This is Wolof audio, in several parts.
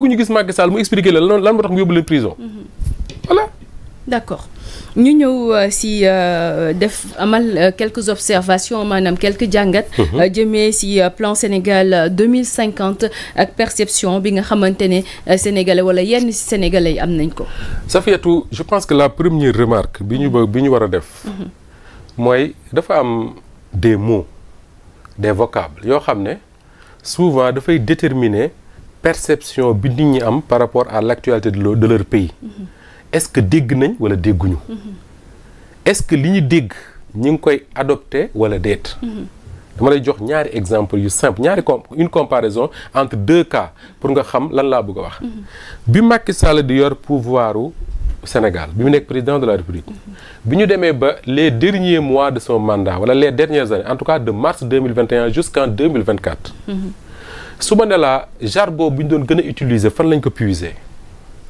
ku ñu gis Macky Sall mu expliqué la lan lan moo tax mu yóbbu leen prison. Mhm. voilà. d'accord ñu ñëw euh, si euh, def amal euh, quelques observations maanaam quelques jàngat. Mhm. jëmee si plan Sénégal 2050 ak perception bi nga xamante ne sénégalais wala yenn si sénégalais yi am nañ ko. Safiatou je pense que la première remarque bi ñu bi ñu war a def. Mhm. mooy dafa am des mots des vocables yoo xam ne souvent dafay déterminer. perception bi nit ñi am par rapport à l'actualité de, de leur pays mm-hmm. est-ce que dégg nañ wala dégguñu mm-hmm. est-ce que li ñu dégg ñu ngi koy adopté wala déet mm-hmm. dama lay jox ñaari exemple yu simple ñaari com une comparaison entre deux cas pour nga xam lan laa bëgg a wax bi Macky Sall di yor pouvoiru Sénégal bi mu nekk président de la République bi ñu demee ba les derniers mois de son mandat wala les dernières années en tout cas de mars jusqu'en su ma ne la jargon bu ñu doon gën a utiliser fan lañ ko puiser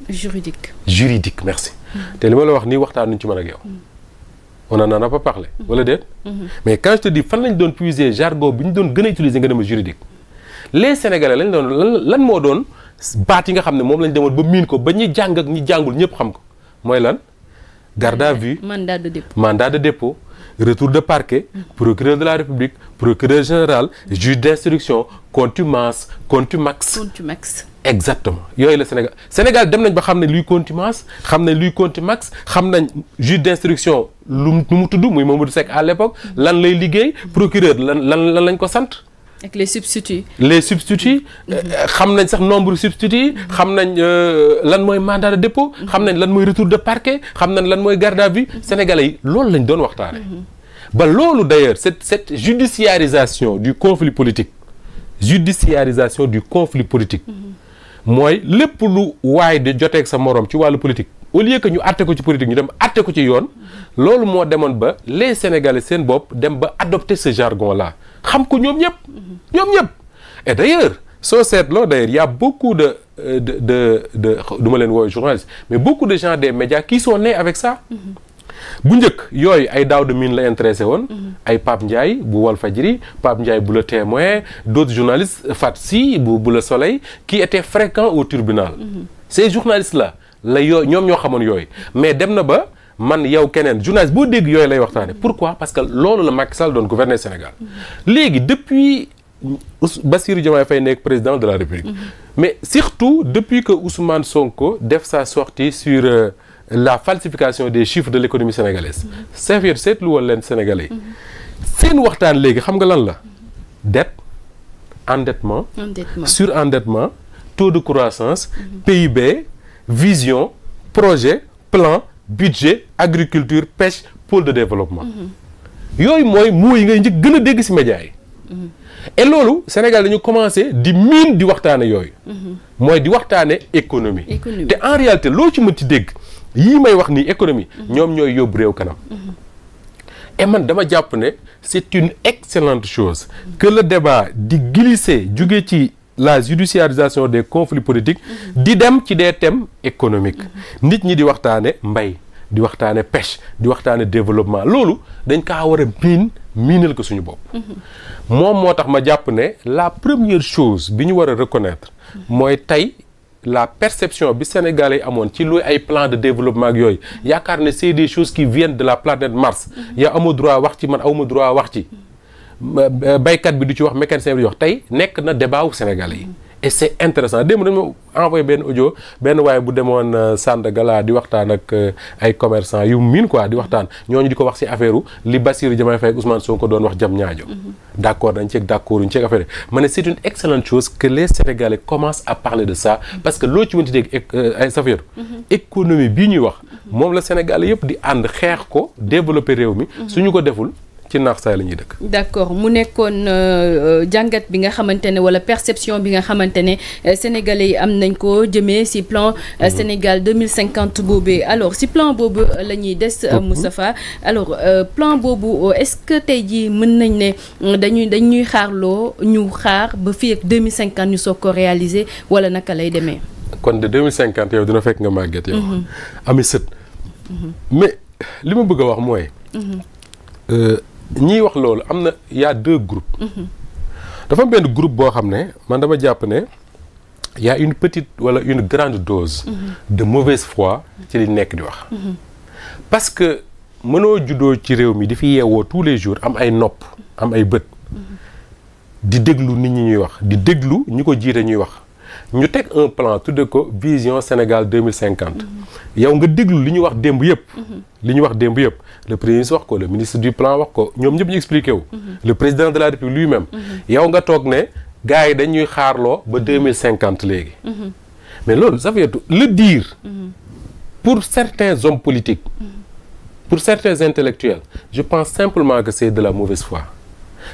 juridique juridique merci te li wax nii waxtaan nañu ci mën ak yow on n'en a pas parlé wala fan lañ doon puiser jargon bi ñu doon gën a utiliser nga dem juridique les sénégalais lañ doon lan moo doon baat yi nga xam ne moom lañ demoon ba miin ko ba ñi jàng ak ñi jàngul ñëpp xam ko mooy lan garde à vue mandat de dépôt mandat retour de parquet procureur de la république procureur général juge d'instruction contumace contumax contumax exactement yooyu la Sénégal Sénégal dem nañ ba xam ne luy contumace xam nañ luy contumax xam nañ juge d'instruction lu mu tudd muy du Seck à l'époque lan lay liggéey procureur lan lan lan lañ ko sant ak les substituts. les substituts. Mhm. Euh, xam nañ sax nombre substituts yi. Mhm. xam nañ euh, lan mooy mandat de dépôt. Mhm. xam nañ lan mooy retour de parquet. xam nañ lan mooy garde à vue. sénégalais yi loolu lañ doon waxtaane ba loolu d'ailleurs cette cette judiciarisation du conflit politique. judiciarisation du conflit politique. mooy lépp lu waay di joteeg sa moroom ci wàllu politique. au lieu que ñu àtte ko ci politique ñu dem àtte ko ci yoon. loolu moo demoon ba les sénégalais seen bopp dem ba adopter ce jargon xam ko ñoom ñëpp. ñoom ñëpp et d' soo seetloo d' ailleurs y' beaucoup euh, de de de de duma leen wooy journaliste mais beaucoup de gens des média qui soo nés avec ça. bu njëkk yooyu ay daaw de mine la intéressé woon. ay Pape Ndiaye bu Walfadjri Pape Ndiaye bu Le Témoin d' autres journalistes Fat Si bu bu Le Soleil qui étaient fréquents au tribunal. Mhm. ces journalistes la la yoo ñoom ñoo xamoon yooyu mais dem na ba. man yow keneen journaliste boo dégg yooyu lay waxtaane pourquoi parce que loolu la Macky Sall doon gouverner Sénégal léegi depuis Bassirou Diomaye Faye nekk président de la République mm-hmm. mais surtout depuis que Ousmane Sonko def sa sortie sur euh, la falsification des chiffres de l'économie sénégalaise safir mm-hmm. seetlu woon leen sénégalais mm-hmm. seen waxtaan léegi xam nga lan la dette endettement surendettement taux de croissance PIB vision projet plan budget agriculture pêche pour de développement. Mhm. yooyu mooy moo yi ngay njëkk gën a dégg si média yi. Mhm. et loolu Sénégal dañu commencé di miin di waxtaane yooyu. Mhm. mooy di waxtaane économie. te en réalité loo ci mën ci dégg yi may wax ni économie. ñoom ñooy yóbbu réew kanam. et man dama jàpp ne c'est une excellente chose. que le débat di glisser jóge ci. la judiciarisation des conflits politiques di dem ci des thèmes économiques nit ñi di waxtaane mbay di waxtaane pêche di waxtaane développement loolu dañ kaa war a miin miinal ko suñu bopp moom moo tax ma jàpp ne la première chose bi ñu war a reconnaître mooy tey la perception bi Sénégalais yi amoon ci luy ay plan de développement ak yooyu yaakaar ne c'est des choses qui viennent de la planète Mars mm-hmm. yaa amoo droit wax ci man awma droit wax ci baykat bi du ci wax mécanicien bi di wax tey nekk na débat wu Sénégalais yi. et c' est intéressant démb dañu envoyé benn audio benn waaye bu demoon euh, Sandaga la di waxtaan ak euh, ay commerçant yu miin quoi di waxtaan ñu di ko wax ci affaire li Bassirou Diomaye Faye ak Ousmane Sonko doon wax jam ñaajo mm-hmm. d' accord dañ ceeg d' accord ñu ceeg affaire ma ne c' une excellente chose que les Sénégalais commencent à parler de ça mm-hmm. parce que loo ci mënti dégg euh, ay safeeru mm-hmm. économie bii ñuy wax moom la Sénégalais yëpp di ànd xeex ko développer réew mi suñu ko deful ci naax saay la ñuy dëkk. d'accord mu nekkoon euh, euh, jàngat bi nga xamante ne wala perception bi nga xamante ne euh, sénégalais yi am nañ ko jëmee ci plan mhm. Sénégal 2050 boobee alors ci plan boobu la ñuy des. Mhm. Moustapha alors plan boobu est-ce que tey jii mën nañ ne dañuy dañuy xaarloo ñu xaar ba fi ak 2050 ñu soog ko réaliser wala naka lay demee. kon de 2050 yow dina fekk nga màgget yow. Mhm. ami sët. mais li ma bëgg a wax mooy. ñiy wax loolu am na yaa a deux groupes. Mhm. dafa am benn groupe boo xam ne man dama jàpp ne y une petite wala une grande dose. Mhm. de mauvaise fois ci li nekk di wax. Mhm. parce que mënoo juddoo ci réew mi di fi yeewoo tous les jours am ay nopp am ay bët. di déglu nit ñi ñuy wax di déglu ñu ko jiite ñuy wax. ñu teg un plan tudde ko vision Sénégal 2050 yow nga déglu li ñu wax démb yëpp li ñu wax démb yëpp le premier ministre wax ko le ministre du plan wax ko ñoom ñëpp ñu expliqué wu président de la République lui-même yow nga toog ne gars yi dañuy xaarloo ba 2050 léegi mais loolu ça veut dire le dire pour certains hommes politiques pour certains intellectuels je pense simplement que c'est de la mauvaise fois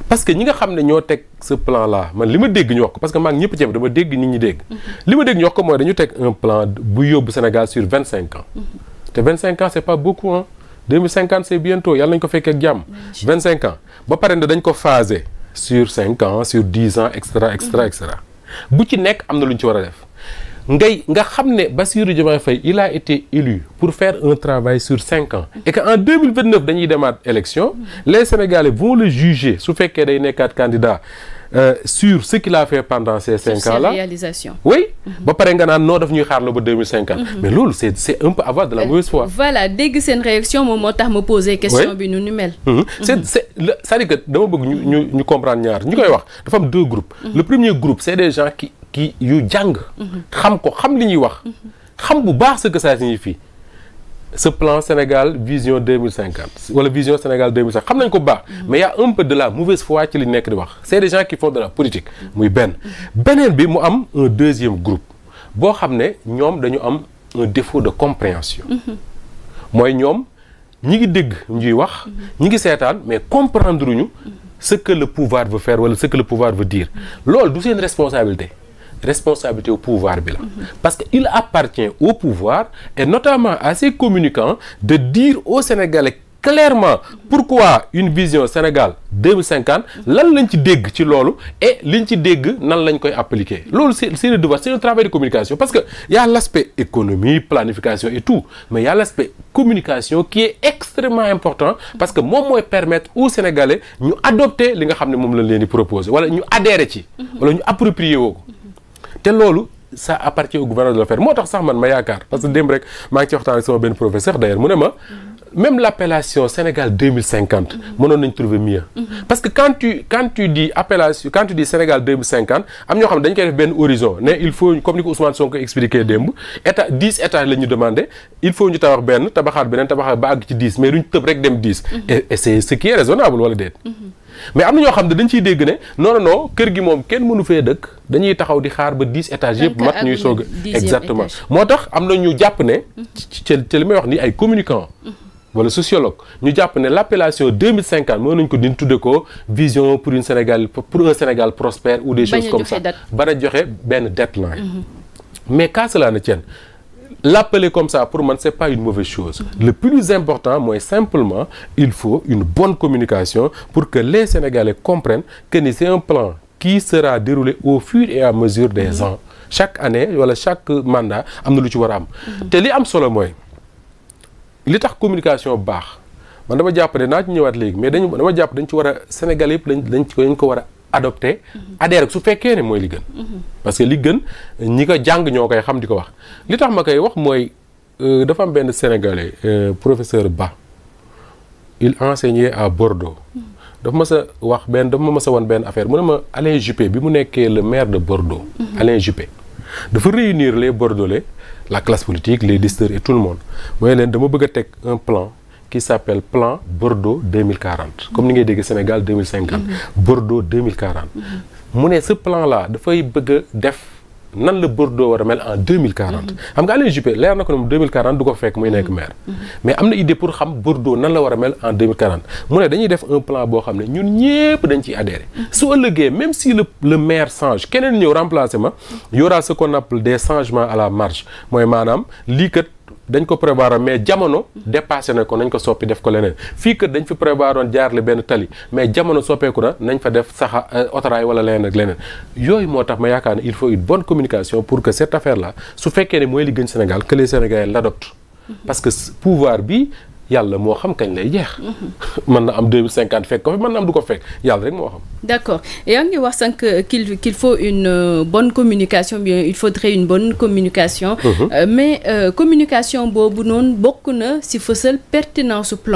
parce que ñi nga xam ne ñoo teg ce plan là man li ma dégg ñu wax ko parce que maa ngi ñëpp ceeb dama dégg ñu ñu dégg. Mm-hmm. li ma dégg ñu wax ko mooy dañu teg un plan bu yóbbu Sénégal sur vingt cinq ans. Mm-hmm. te vingt cinq ans c' est pas beaucoup ah deux mille cinquante c' est bientôt yàlla nañu jàmm. Mm-hmm. vingt cinq ans ba pare dañ ko phasé sur cinq ans sur dix ans et cetera et bu ci nekk am na lu ñu ci war a def. ngay nga xam ne Bassirou Diomaye Faye il a été élu pour faire un travail sur cinq ans et que en dañuy demaat élection les Sénégalais vont le juger su fekkee day nekkaat candidat Euh, sur ce qu'il a fait pendant ces cinq sur ans là réalisation mhm. ba pare nga naan noo daf ñuy xaar la ba 2050 mhm. mais loolu c' est un peu avoir de la euh, mauvaise foi voilà dégg seen réaction moom moo tax ma posé question bi nu nu mel c' est c' cest dama bëgg ñu ñu ñu comprendre ñaar ñu koy wax dafa am deux ki yu jàng. xam ko xam li ñuy wax. xam bu baax ce que ça fii ce plan Sénégal vision deux mille cinquante wala vision Sénégal deux mille xam nañ ko bu baax. mais y' un peu de la mauvaise foi ci li nekk di wax c' est des gens qui font de la politique. muy benn beneen bi mu am un deuxième group boo xam ne ñoom dañu am un défaut de compréhension. mooy ñoom ñi ngi dégg ñuy wax. ñi ngi seetaan mais comprendre ñu ce que le pouvoir veut faire wala ce que le pouvoir veut dire loolu du seen responsabilité. responsabilité au pouvoir bi la parce que il appartient au pouvoir et notamment à ses communicants de dire aux Sénégalais clairement pourquoi une vision Sénégal 2050 lan lañ ci dégg ci loolu et ñu ci dégg nan lañ koy appliquer loolu c'est c'est le devoir travail de communication parce que y a l'aspect économie planification et tout mais y a l'aspect communication ki est extrêmement important parce que moom mooy permettre au Sénégalais ñu adopter li nga xam ne moom lañ leen di proposer wala ñu adhérer ci wala ñu approprier woo te loolu sa appartient au gouvernement de le faire moo tax sax man ma yaakaar parce que démb rek maa ngi ci waxtaan ak sama benn professeur d'ailleurs mu ne ma même l'appellation Sénégal 2050 mënoon nañ trouver mieux parce que quand tu quand tu dis appellation quand tu dis Sénégal am ñoo xam ne dañ koy def benn horizon ne il faut comme ni ko Ousmane état 10 étages ñu demandé il ñu tabax benn tabaxaat beneen tabaxaat ba àgg ci 10 mais duñ tëb rek dem 10 et ce qui est raisonnable wala déet mais am na ñoo xam ne dañ ciy dégg ne non non kër gi moom kenn mënu fee dëkk dañuy taxaw di xaar ba dix étages yëpp mat ñuy soog exactement moo tax am na ñu jàpp ne ci li may wax ni ay communicants wala sociologue ñu jàpp ne l' appellation 2050 mën nañ ko di tudde ko vision pour une Sénégal pour un Sénégal prospère ou des choses comme ça ba na joxe benn deadline mhm. mais qu'à cela ne tienne l'appeler comme ça pour man c'est pas une mauvaise chose le plus important mooy simplement il faut une bonne communication pour que les Sénégalais comprennent que ni c'est un plan qui sera déroulé au fur et à mesure des mhm. ans chaque année wala chaque mandat am na lu ci war a am mhm. te li am solo mooy li tax communication baax man dama jàpp ne naa ci ñëwaat léegi mais dañu dama jàpp dañu ci war a Sénégal yëpp dañ dañ ko dañ ko war a adopté. Mhm. adhéré su fekkee ne mooy li gën. Mhm. parce que li gën ñi ko jàng ñoo koy xam di ko wax. li tax ma koy wax mooy euh, dafa am benn sénégalais euh, professeur Ba il enseignait à Bordeaux. Mhm. dafa ma sa wax benn dafa ma ma sa woon benn affaire mu ne ma Alain Juppé bi mu nekkee le maire de Bordeaux. Alain Juppé dafa réunir les Bordelais. la classe politique les listeurs et tout le monde mooy leen dama bëgg a teg un plan qui s'appelle plan Bordeaux 2040 comme ni ngay dégg Sénégal 2050 mhm. Bordeaux 2040 mhm. mu ne ce plan là dafay bëgg def nan la Bordeaux war a mel en 2040 mm-hmm. xam nga Alain Juppé leer na ko ne moom 2040 du ko fekk muy nekk maire mm-hmm. Mm-hmm. mais am na idée pour xam Bordeaux nan la war a mel en mu ne dañuy def un plan boo xam ne ñun ñëpp dañ ciy adhéré su ëllëgee même si le le maire change keneen ñëw remplacé ma y aura ce qu'on changement des à la marge mooy maanaam lii dañ ko prévoir mais jamono dépassé na ko nañ ko soppi def ko leneen fii kër dañ fi prévoir oon jaarle benn tali mais jamono soppeeku na nañ fa def saxa autorail euh, wala leneen ak leneen yooyu moo tax ma yaakaar ne il faut une bonne communication pour que cette affaire là su fekkee ne mooy li gën Sénégal que les Sénégalais mm-hmm. parce que pouvoir bi yàlla moo xam kañ lay jeex. man mhm. na am deux cinquante fekk ko fi mën na am du ko fekk yàlla rek moo xam. d' yaa ngi wax sànq qu'il qu'il faut une euh, bonne communication bien il faudrait une bonne communication. Mhm. Euh, mais euh, communication boobu noonu bokk na si ci fësal pertinence plan.